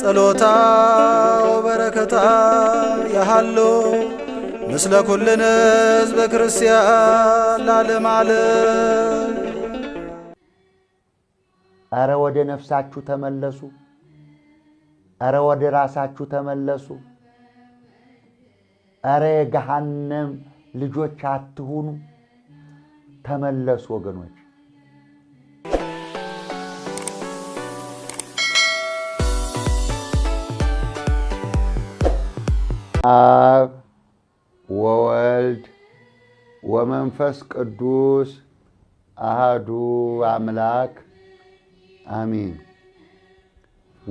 ጸሎታ ወበረከታ ያሃሎ ምስለ ኩልን ህዝበ ክርስቲያን ላለም አረ ወደ ነፍሳችሁ ተመለሱ። አረ ወደ ራሳችሁ ተመለሱ። አረ የገሃነም ልጆች አትሁኑ። ተመለሱ ወገኖች። አብ ወወልድ ወመንፈስ ቅዱስ አሃዱ አምላክ አሚን።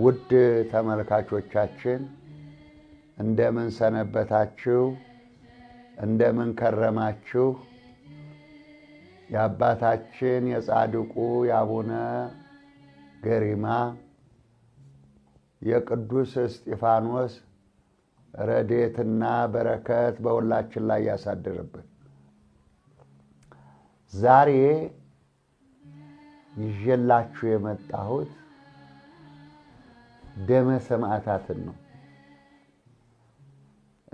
ውድ ተመልካቾቻችን እንደምን ሰነበታችሁ? እንደምን ከረማችሁ? የአባታችን የጻድቁ የአቡነ ገሪማ የቅዱስ እስጢፋኖስ ረዴትና በረከት በሁላችን ላይ ያሳድርብን። ዛሬ ይዤላችሁ የመጣሁት ደመ ሰማዕታትን ነው።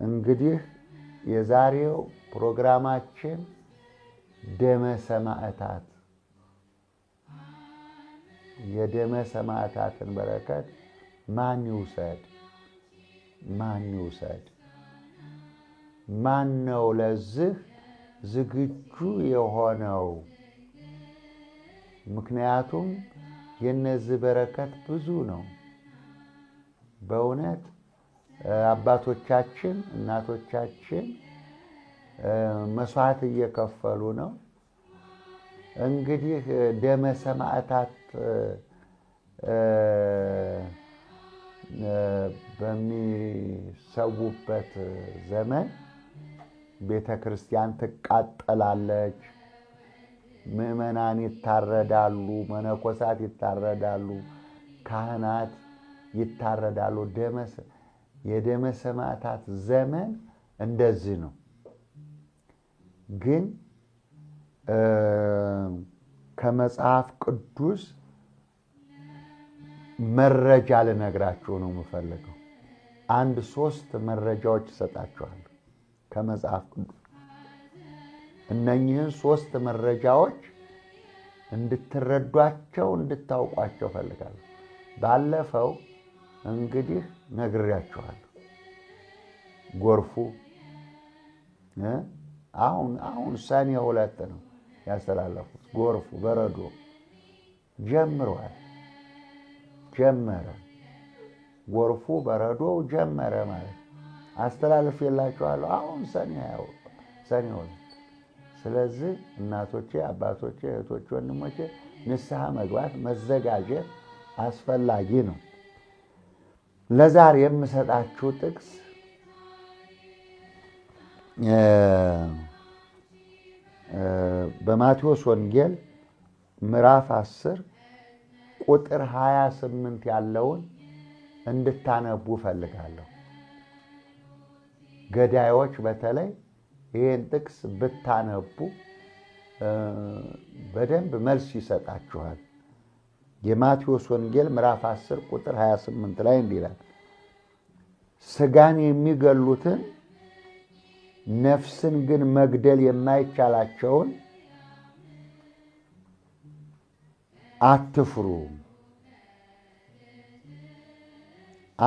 እንግዲህ የዛሬው ፕሮግራማችን ደመ ሰማዕታት የደመ ሰማዕታትን በረከት ማን ይውሰድ? ማን ይውሰድ? ማን ነው ለዚህ ዝግጁ የሆነው? ምክንያቱም የነዚህ በረከት ብዙ ነው። በእውነት አባቶቻችን እናቶቻችን መስዋዕት እየከፈሉ ነው። እንግዲህ ደመ ሰማዕታት በሚሰዉበት ዘመን ቤተ ክርስቲያን ትቃጠላለች፣ ምዕመናን ይታረዳሉ፣ መነኮሳት ይታረዳሉ፣ ካህናት ይታረዳሉ። የደመ ሰማዕታት ዘመን እንደዚህ ነው። ግን ከመጽሐፍ ቅዱስ መረጃ ልነግራችሁ ነው የምፈልገው። አንድ ሶስት መረጃዎች እሰጣችኋለሁ ከመጽሐፍ ቅዱስ። እነኚህን ሶስት መረጃዎች እንድትረዷቸው እንድታውቋቸው እፈልጋለሁ ባለፈው እንግዲህ ነግሬያችኋለሁ። ጎርፉ አሁን አሁን ሰኔ ሁለት ነው ያስተላለፉት። ጎርፉ በረዶ ጀምሯል ጀመረ። ጎርፉ በረዶው ጀመረ ማለት አስተላልፍ የላቸዋለሁ። አሁን ሰኔ ሰኔ ሆነ። ስለዚህ እናቶቼ፣ አባቶቼ፣ እህቶቼ፣ ወንድሞቼ ንስሐ መግባት መዘጋጀት አስፈላጊ ነው። ለዛሬ የምሰጣችሁ ጥቅስ በማቴዎስ ወንጌል ምዕራፍ 10 ቁጥር 28 ያለውን እንድታነቡ እፈልጋለሁ። ገዳዮች በተለይ ይህን ጥቅስ ብታነቡ በደንብ መልስ ይሰጣችኋል። የማቴዎስ ወንጌል ምዕራፍ 10 ቁጥር 28 ላይ እንዲህ ይላል፣ ስጋን የሚገሉትን ነፍስን ግን መግደል የማይቻላቸውን አትፍሩም።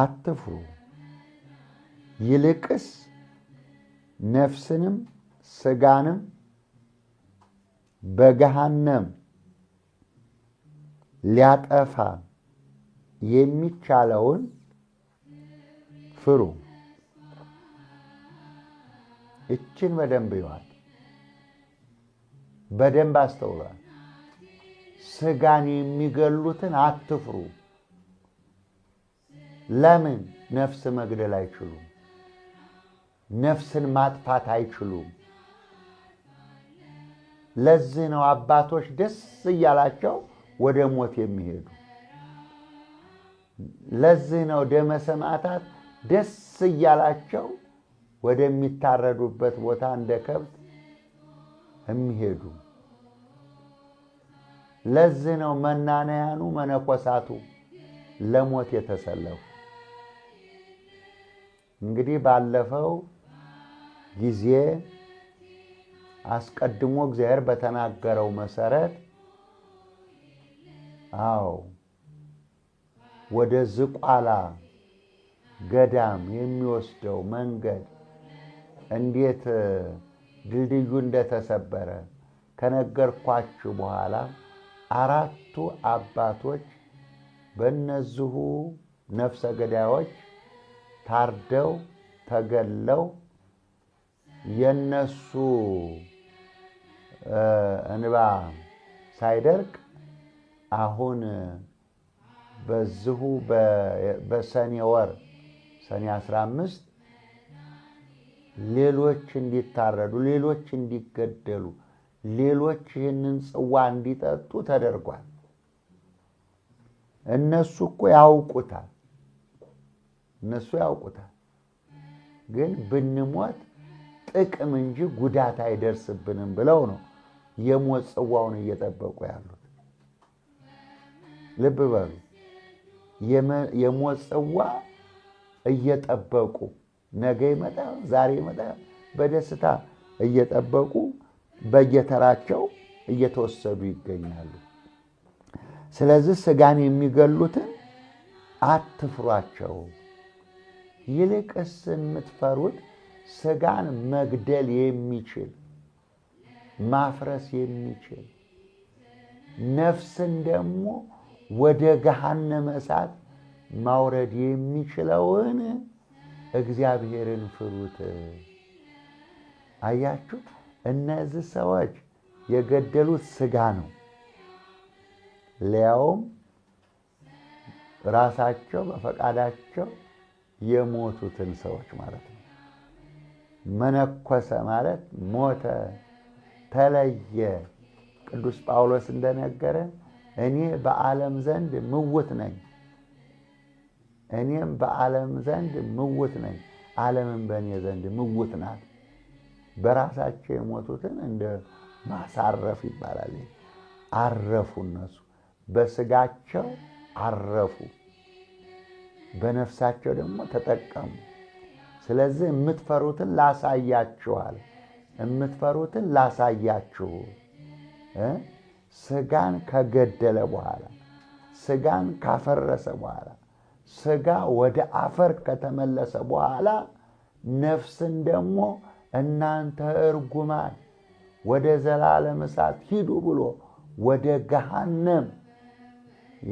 አትፍሩ፣ ይልቅስ ነፍስንም ስጋንም በገሃነም ሊያጠፋ የሚቻለውን ፍሩ። እችን በደንብ ይዋል፣ በደንብ አስተውሏል። ስጋን የሚገሉትን አትፍሩ። ለምን ነፍስ መግደል አይችሉም? ነፍስን ማጥፋት አይችሉም። ለዚህ ነው አባቶች ደስ እያላቸው ወደ ሞት የሚሄዱ። ለዚህ ነው ደመ ሰማዕታት ደስ እያላቸው ወደሚታረዱበት ቦታ እንደ ከብት የሚሄዱ። ለዚህ ነው መናንያኑ መነኮሳቱ ለሞት የተሰለፉ። እንግዲህ ባለፈው ጊዜ አስቀድሞ እግዚአብሔር በተናገረው መሰረት አዎ ወደ ዝቋላ ገዳም የሚወስደው መንገድ እንዴት ድልድዩ እንደተሰበረ ከነገርኳችሁ በኋላ አራቱ አባቶች በእነዚሁ ነፍሰ ገዳዮች ታርደው ተገለው የነሱ እንባ ሳይደርቅ አሁን በዚሁ በሰኔ ወር ሰኔ 15 ሌሎች እንዲታረዱ፣ ሌሎች እንዲገደሉ፣ ሌሎች ይህንን ጽዋ እንዲጠጡ ተደርጓል። እነሱ እኮ ያውቁታል። እነሱ ያውቁታል። ግን ብንሞት ጥቅም እንጂ ጉዳት አይደርስብንም ብለው ነው የሞት ጽዋውን እየጠበቁ ያሉት። ልብ በሉ፣ የሞት ጽዋ እየጠበቁ ነገ ይመጣል፣ ዛሬ ይመጣል፣ በደስታ እየጠበቁ በየተራቸው እየተወሰዱ ይገኛሉ። ስለዚህ ስጋን የሚገሉትን አትፍሯቸው። ይልቅስ የምትፈሩት ስጋን መግደል የሚችል ማፍረስ የሚችል ነፍስን ደግሞ ወደ ገሃነመ እሳት ማውረድ የሚችለውን እግዚአብሔርን ፍሩት። አያችሁ፣ እነዚህ ሰዎች የገደሉት ስጋ ነው። ሊያውም ራሳቸው በፈቃዳቸው የሞቱትን ሰዎች ማለት ነው። መነኮሰ ማለት ሞተ፣ ተለየ። ቅዱስ ጳውሎስ እንደነገረ እኔ በዓለም ዘንድ ምውት ነኝ፣ እኔም በዓለም ዘንድ ምውት ነኝ፣ ዓለምን በእኔ ዘንድ ምውት ናት። በራሳቸው የሞቱትን እንደ ማሳረፍ ይባላል። አረፉ፣ እነሱ በስጋቸው አረፉ። በነፍሳቸው ደግሞ ተጠቀሙ። ስለዚህ የምትፈሩትን ላሳያችኋል፣ የምትፈሩትን ላሳያችሁ። ስጋን ከገደለ በኋላ ስጋን ካፈረሰ በኋላ ስጋ ወደ አፈር ከተመለሰ በኋላ ነፍስን ደግሞ እናንተ እርጉማን ወደ ዘላለም እሳት ሂዱ ብሎ ወደ ገሃነም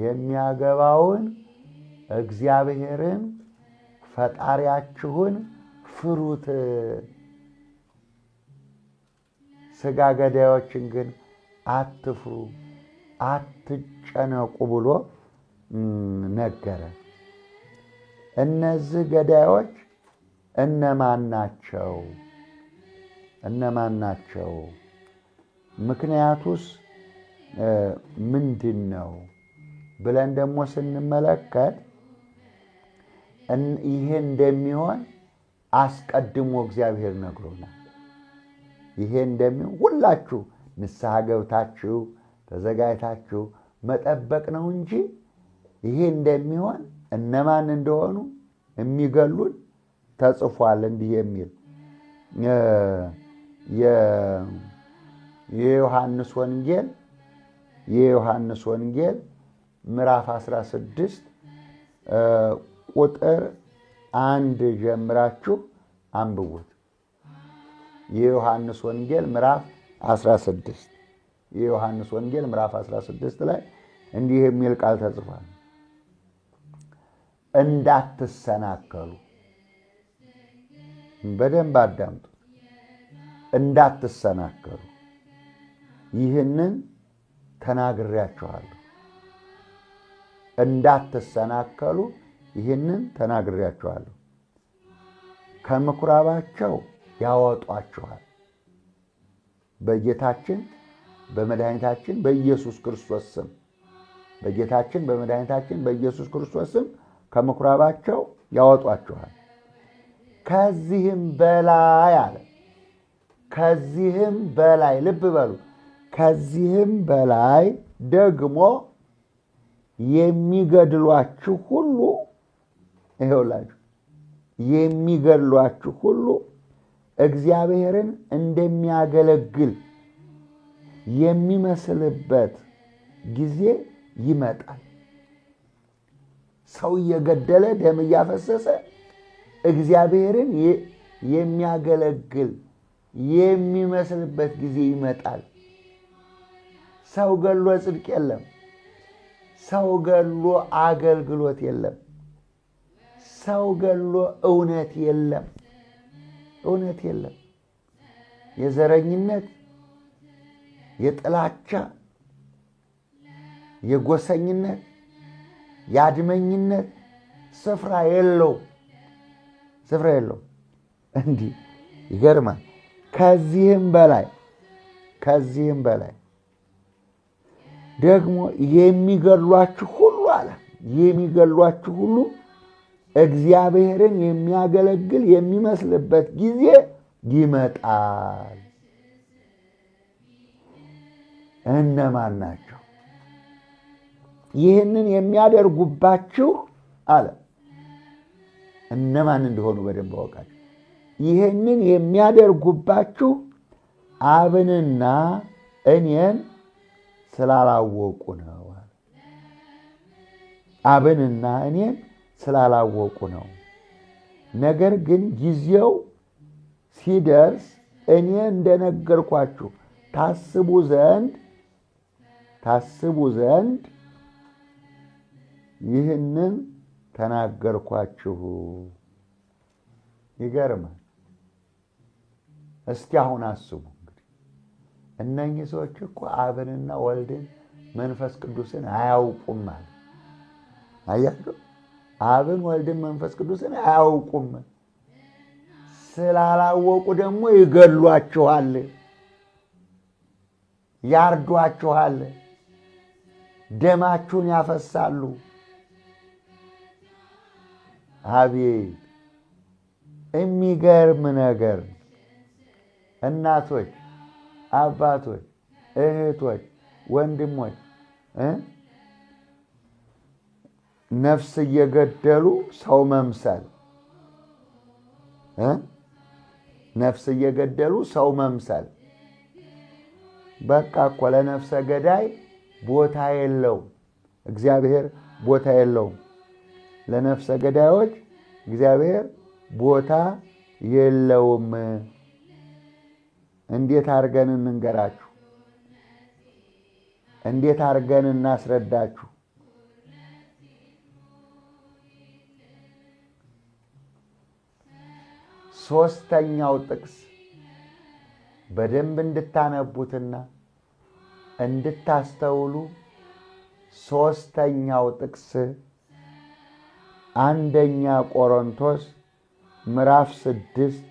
የሚያገባውን እግዚአብሔርን ፈጣሪያችሁን ፍሩት፣ ስጋ ገዳዮችን ግን አትፍሩ፣ አትጨነቁ ብሎ ነገረ። እነዚህ ገዳዮች እነማን ናቸው? እነማን ናቸው? ምክንያቱስ ምንድን ነው ብለን ደግሞ ስንመለከት ይሄ እንደሚሆን አስቀድሞ እግዚአብሔር ነግሮናል። ይሄ እንደሚሆን ሁላችሁ ንስሐ ገብታችሁ ተዘጋጅታችሁ መጠበቅ ነው እንጂ ይሄ እንደሚሆን እነማን እንደሆኑ የሚገሉን ተጽፏል። እንዲህ የሚል የዮሐንስ ወንጌል የዮሐንስ ወንጌል ምዕራፍ 16 ቁጥር አንድ ጀምራችሁ አንብቡት። የዮሐንስ ወንጌል ምዕራፍ 16 የዮሐንስ ወንጌል ምዕራፍ 16 ላይ እንዲህ የሚል ቃል ተጽፏል። እንዳትሰናከሉ በደንብ አዳምጡት። እንዳትሰናከሉ ይህንን ተናግሬያችኋለሁ። እንዳትሰናከሉ ይህንን ተናግሬያችኋለሁ። ከምኩራባቸው ያወጧችኋል። በጌታችን በመድኃኒታችን በኢየሱስ ክርስቶስ ስም በጌታችን በመድኃኒታችን በኢየሱስ ክርስቶስ ስም ከምኩራባቸው ያወጧችኋል። ከዚህም በላይ አለ። ከዚህም በላይ ልብ በሉ። ከዚህም በላይ ደግሞ የሚገድሏችሁ ሁሉ ይኸውላችሁ የሚገድሏችሁ ሁሉ እግዚአብሔርን እንደሚያገለግል የሚመስልበት ጊዜ ይመጣል። ሰው እየገደለ ደም እያፈሰሰ እግዚአብሔርን የሚያገለግል የሚመስልበት ጊዜ ይመጣል። ሰው ገሎ ጽድቅ የለም። ሰው ገሎ አገልግሎት የለም። ሰው ገሎ እውነት የለም፣ እውነት የለም። የዘረኝነት፣ የጥላቻ፣ የጎሰኝነት፣ የአድመኝነት ስፍራ የለው፣ ስፍራ የለው። እንዲህ ይገርማል። ከዚህም በላይ ከዚህም በላይ ደግሞ የሚገሏችሁ ሁሉ አለ የሚገሏችሁ ሁሉ እግዚአብሔርን የሚያገለግል የሚመስልበት ጊዜ ይመጣል። እነማን ናቸው ይህንን የሚያደርጉባችሁ? አለ። እነማን እንደሆኑ በደንብ አወቃችሁ። ይህንን የሚያደርጉባችሁ አብንና እኔን ስላላወቁ ነው። አብንና እኔን ስላላወቁ ነው። ነገር ግን ጊዜው ሲደርስ እኔ እንደነገርኳችሁ ታስቡ ዘንድ ታስቡ ዘንድ ይህንን ተናገርኳችሁ። ይገርማል። እስቲ አሁን አስቡ እንግዲህ እነኚህ ሰዎች እኮ አብንና ወልድን መንፈስ ቅዱስን አያውቁም ማለት አያቸው። አብን ወልድን መንፈስ ቅዱስን አያውቁም። ስላላወቁ ደግሞ ይገሏችኋል፣ ያርዷችኋል፣ ደማችሁን ያፈሳሉ። አቤት የሚገርም ነገር! እናቶች፣ አባቶች፣ እህቶች፣ ወንድሞች ነፍስ እየገደሉ ሰው መምሰል ነፍስ እየገደሉ ሰው መምሰል በቃ እኮ ለነፍሰ ገዳይ ቦታ የለውም። እግዚአብሔር ቦታ የለውም። ለነፍሰ ገዳዮች እግዚአብሔር ቦታ የለውም። እንዴት አድርገን እንንገራችሁ? እንዴት አድርገን እናስረዳችሁ? ሦስተኛው ጥቅስ በደንብ እንድታነቡትና እንድታስተውሉ ሦስተኛው ጥቅስ አንደኛ ቆሮንቶስ ምዕራፍ ስድስት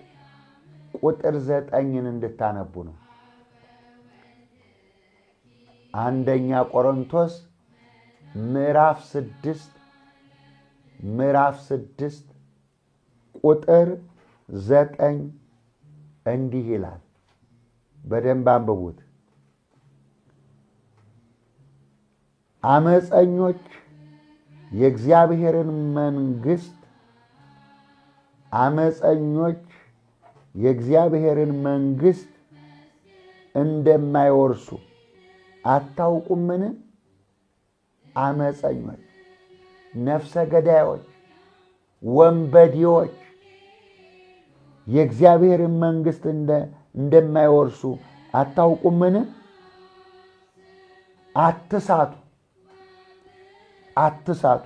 ቁጥር ዘጠኝን እንድታነቡ ነው። አንደኛ ቆሮንቶስ ምዕራፍ ስድስት ምዕራፍ ስድስት ቁጥር ዘጠኝ እንዲህ ይላል። በደንብ አንብቡት። አመፀኞች የእግዚአብሔርን መንግሥት አመፀኞች የእግዚአብሔርን መንግሥት እንደማይወርሱ አታውቁምን? አመፀኞች፣ ነፍሰ ገዳዮች፣ ወንበዴዎች የእግዚአብሔርን መንግሥት እንደማይወርሱ አታውቁምን? አትሳቱ አትሳቱ።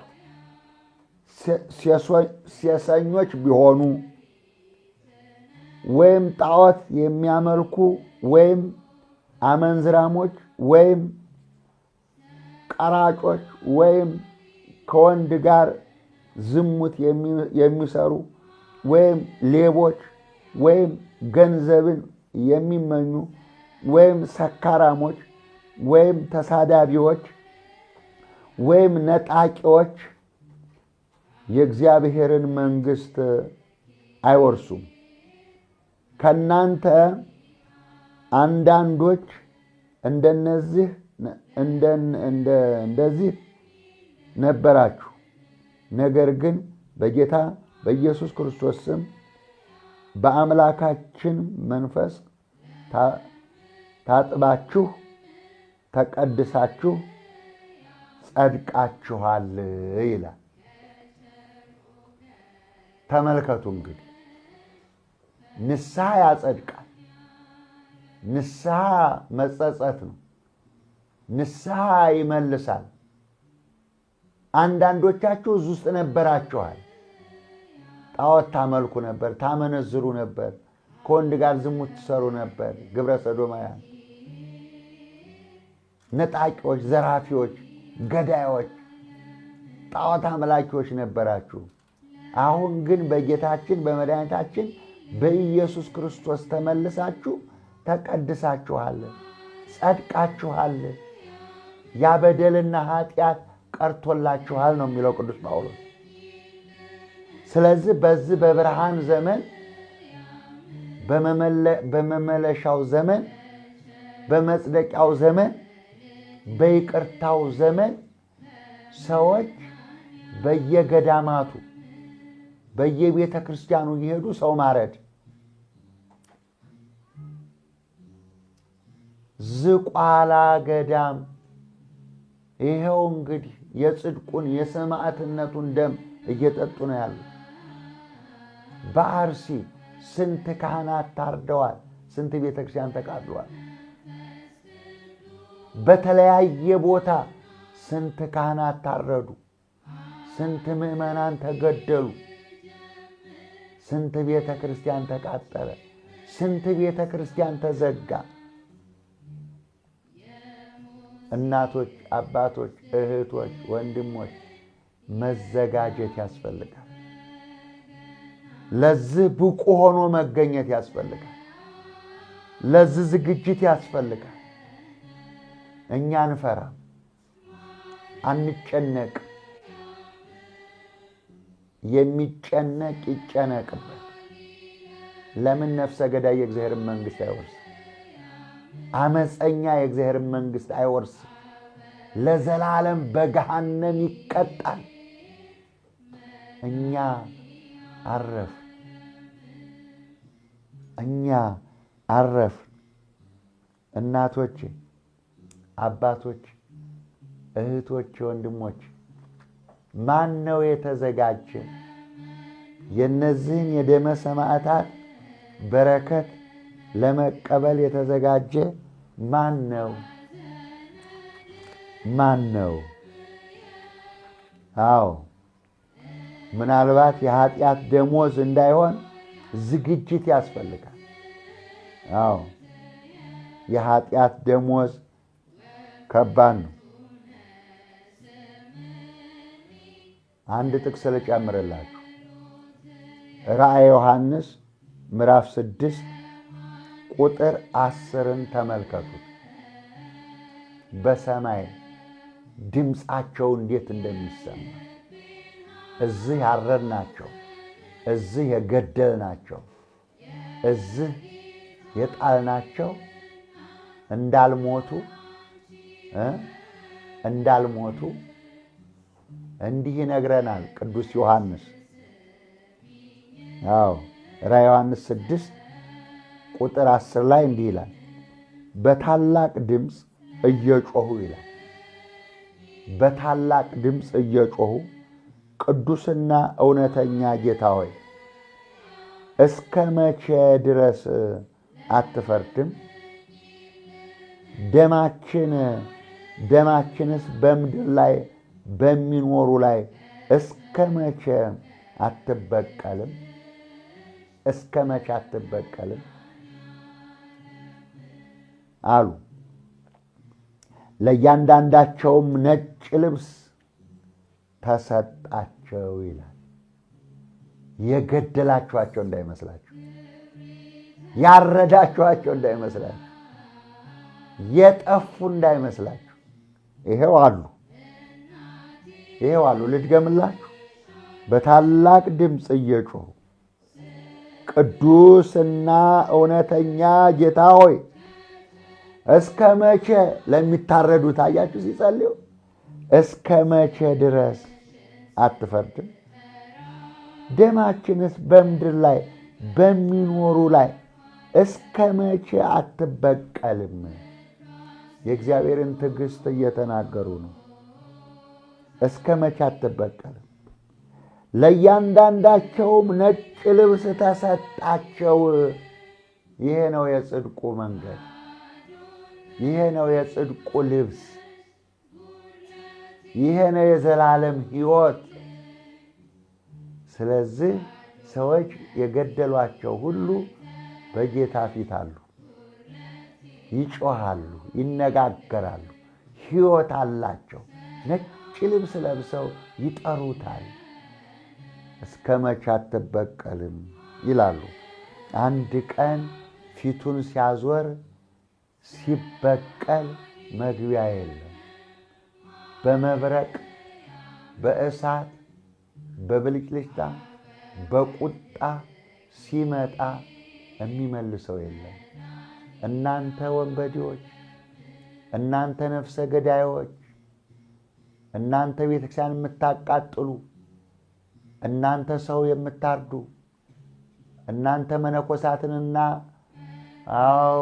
ሴሰኞች ቢሆኑ ወይም ጣዖት የሚያመልኩ ወይም አመንዝራሞች ወይም ቀራጮች ወይም ከወንድ ጋር ዝሙት የሚሰሩ ወይም ሌቦች ወይም ገንዘብን የሚመኙ ወይም ሰካራሞች ወይም ተሳዳቢዎች ወይም ነጣቂዎች የእግዚአብሔርን መንግሥት አይወርሱም። ከእናንተ አንዳንዶች እንደነዚህ እንደዚህ ነበራችሁ። ነገር ግን በጌታ በኢየሱስ ክርስቶስ ስም በአምላካችን መንፈስ ታጥባችሁ ተቀድሳችሁ ጸድቃችኋል ይላል። ተመልከቱ እንግዲህ ንስሐ ያጸድቃል። ንስሐ መጸጸት ነው። ንስሐ ይመልሳል። አንዳንዶቻችሁ እዚህ ውስጥ ነበራችኋል። ጣዖት ታመልኩ ነበር፣ ታመነዝሩ ነበር፣ ከወንድ ጋር ዝሙት ትሰሩ ነበር። ግብረ ሰዶማያን ነጣቂዎች፣ ዘራፊዎች፣ ገዳዮች፣ ጣዖት አምላኪዎች ነበራችሁ። አሁን ግን በጌታችን በመድኃኒታችን በኢየሱስ ክርስቶስ ተመልሳችሁ ተቀድሳችኋል፣ ጸድቃችኋል፣ ያበደልና ኃጢአት ቀርቶላችኋል ነው የሚለው ቅዱስ ጳውሎስ። ስለዚህ በዚህ በብርሃን ዘመን በመመለሻው ዘመን በመጽደቂያው ዘመን በይቅርታው ዘመን ሰዎች በየገዳማቱ በየቤተ ክርስቲያኑ እየሄዱ ሰው ማረድ፣ ዝቋላ ገዳም ይኸው እንግዲህ የጽድቁን የሰማዕትነቱን ደም እየጠጡ ነው ያሉት። በአርሲ ስንት ካህናት ታርደዋል። ስንት ቤተ ክርስቲያን ተቃጥሏል። በተለያየ ቦታ ስንት ካህናት ታረዱ፣ ስንት ምዕመናን ተገደሉ፣ ስንት ቤተ ክርስቲያን ተቃጠለ፣ ስንት ቤተ ክርስቲያን ተዘጋ። እናቶች፣ አባቶች፣ እህቶች፣ ወንድሞች መዘጋጀት ያስፈልጋል። ለዚህ ብቁ ሆኖ መገኘት ያስፈልጋል። ለዚህ ዝግጅት ያስፈልጋል። እኛ አንፈራ፣ አንጨነቅ። የሚጨነቅ ይጨነቅበት። ለምን ነፍሰ ገዳይ የእግዚአብሔርን መንግስት አይወርስ አመፀኛ የእግዚአብሔርን መንግስት አይወርስም። ለዘላለም በገሃነም ይቀጣል። እኛ አረፍ እኛ አረፍ እናቶች፣ አባቶች፣ እህቶች፣ ወንድሞች ማን ነው የተዘጋጀ? የእነዚህን የደመ ሰማዕታት በረከት ለመቀበል የተዘጋጀ ማን ነው? ማን ነው? አዎ ምናልባት የኃጢአት ደሞዝ እንዳይሆን ዝግጅት ያስፈልጋል። አዎ የኃጢአት ደሞዝ ከባድ ነው። አንድ ጥቅስ ልጨምርላችሁ። ራእይ ዮሐንስ ምዕራፍ ስድስት ቁጥር አስርን ተመልከቱት። በሰማይ ድምፃቸው እንዴት እንደሚሰማ እዚህ ያረድ ናቸው፣ እዚህ የገደል ናቸው፣ እዚህ የጣል ናቸው እንዳልሞቱ እንዳልሞቱ እንዲህ ይነግረናል ቅዱስ ዮሐንስ። አዎ ራ ዮሐንስ ስድስት ቁጥር አስር ላይ እንዲህ ይላል በታላቅ ድምፅ እየጮሁ ይላል በታላቅ ድምፅ እየጮሁ ቅዱስና እውነተኛ ጌታ ሆይ እስከ መቼ ድረስ አትፈርድም? ደማችን ደማችንስ በምድር ላይ በሚኖሩ ላይ እስከ መቼ አትበቀልም? እስከ መቼ አትበቀልም አሉ። ለእያንዳንዳቸውም ነጭ ልብስ ተሰጣቸው ይላል። የገደላችኋቸው እንዳይመስላችሁ፣ ያረዳችኋቸው እንዳይመስላችሁ፣ የጠፉ እንዳይመስላችሁ። ይሄው አሉ፣ ይሄው አሉ። ልድገምላችሁ፣ በታላቅ ድምፅ እየጮሁ ቅዱስና እውነተኛ ጌታ ሆይ እስከ መቼ ለሚታረዱት አያችሁ ሲጸልዩ እስከ መቼ ድረስ አትፈርድም? ደማችንስ በምድር ላይ በሚኖሩ ላይ እስከ መቼ አትበቀልም? የእግዚአብሔርን ትዕግስት እየተናገሩ ነው። እስከ መቼ አትበቀልም? ለእያንዳንዳቸውም ነጭ ልብስ ተሰጣቸው። ይሄ ነው የጽድቁ መንገድ፣ ይሄ ነው የጽድቁ ልብስ፣ ይሄ ነው የዘላለም ሕይወት። ስለዚህ ሰዎች የገደሏቸው ሁሉ በጌታ ፊት አሉ፣ ይጮሃሉ፣ ይነጋገራሉ፣ ሕይወት አላቸው። ነጭ ልብስ ለብሰው ይጠሩታል። እስከ መቼ አትበቀልም ይላሉ። አንድ ቀን ፊቱን ሲያዞር ሲበቀል መግቢያ የለም። በመብረቅ በእሳት በብልጭልጭታ በቁጣ ሲመጣ የሚመልሰው የለም። እናንተ ወንበዴዎች፣ እናንተ ነፍሰ ገዳዮች፣ እናንተ ቤተክርስቲያን የምታቃጥሉ፣ እናንተ ሰው የምታርዱ፣ እናንተ መነኮሳትንና አዎ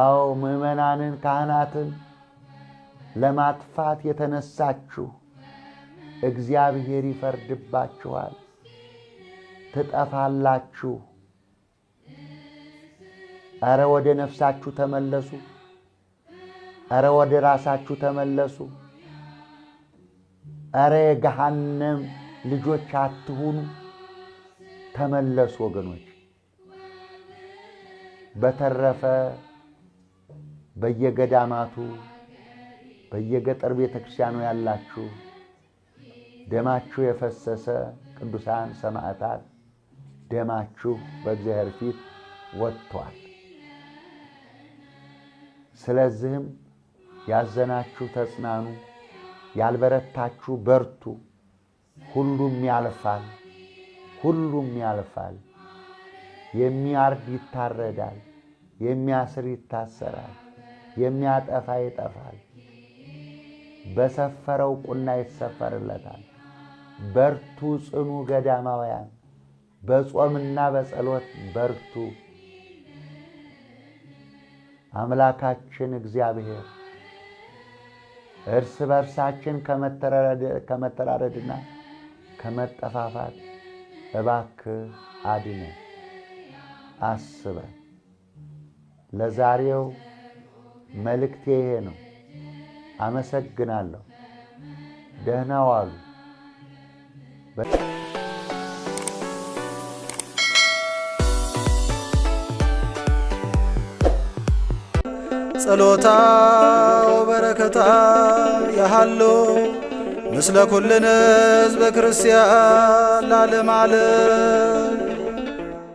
አዎ ምዕመናንን ካህናትን ለማጥፋት የተነሳችሁ እግዚአብሔር ይፈርድባችኋል፣ ትጠፋላችሁ። ኧረ ወደ ነፍሳችሁ ተመለሱ። ኧረ ወደ ራሳችሁ ተመለሱ። ኧረ የገሃነም ልጆች አትሁኑ። ተመለሱ ወገኖች። በተረፈ በየገዳማቱ በየገጠር ቤተክርስቲያኑ ያላችሁ ደማችሁ የፈሰሰ ቅዱሳን ሰማዕታት ደማችሁ በእግዚአብሔር ፊት ወጥቷል። ስለዚህም ያዘናችሁ ተጽናኑ፣ ያልበረታችሁ በርቱ። ሁሉም ያልፋል፣ ሁሉም ያልፋል። የሚያርድ ይታረዳል፣ የሚያስር ይታሰራል፣ የሚያጠፋ ይጠፋል። በሰፈረው ቁና ይሰፈርለታል። በርቱ ጽኑ ገዳማውያን በጾምና በጸሎት በርቱ። አምላካችን እግዚአብሔር እርስ በርሳችን ከመተራረድና ከመጠፋፋት እባክ አድነ አስበ። ለዛሬው መልእክቴ ይሄ ነው። አመሰግናለሁ። ደህና ዋሉ። ጸሎታ በረከታ ያሃሎ ምስለ ኩልን ህዝበ ክርስቲያን ላለም አለ